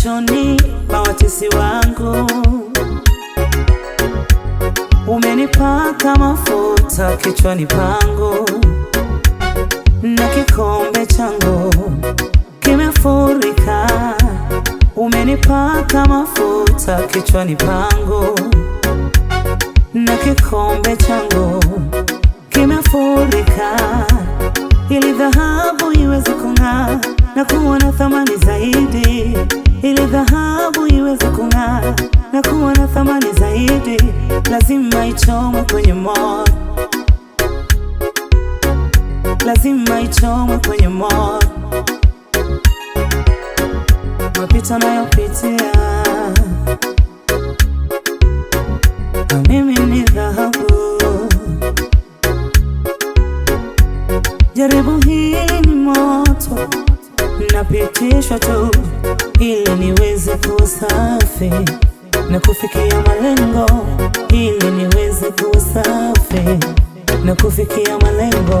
machoni pa watesi wangu, umenipaka mafuta kichwani pangu, na kikombe changu kimefurika. Umenipaka mafuta kichwani pangu, na kikombe changu kimefurika, ili dhahabu iweze kung'aa na kuona thamani zaidi. lazima ichomwe kwenye moto. Mapito nayopitia na mimi ni dhahabu. Jaribu hii ni moto, napitishwa tu ili niweze kusafi na kufikia malengo, ili niweze kusafi na kufikia malengo.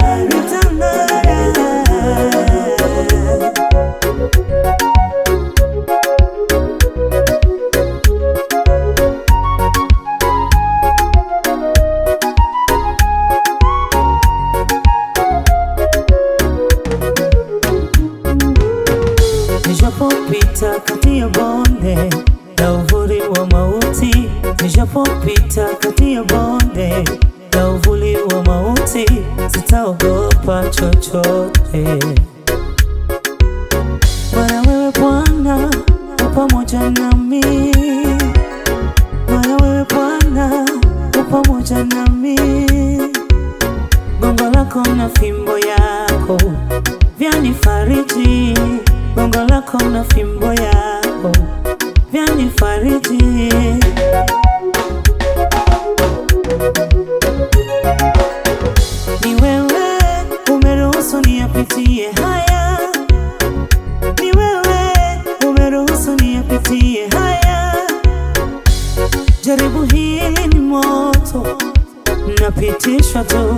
na uvuli wa mauti, nijapopita kati ya bonde na uvuli wa mauti, sitaogopa chochote, maana wewe Bwana pamoja nami, maana wewe Bwana pamoja nami, gongo lako na fimbo yako vyanifariji, gongo lako na fimbo yako vyanifariji ni wewe umeruhusu niyapitie haya, ni wewe umeruhusu niyapitie haya. Jaribu hili ni moto, napitishwa tu.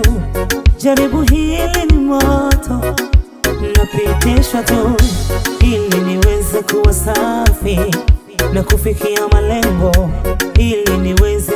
Jaribu hili ni moto, napitishwa tu, ili niweze kuwa safi na kufikia malengo ili niweze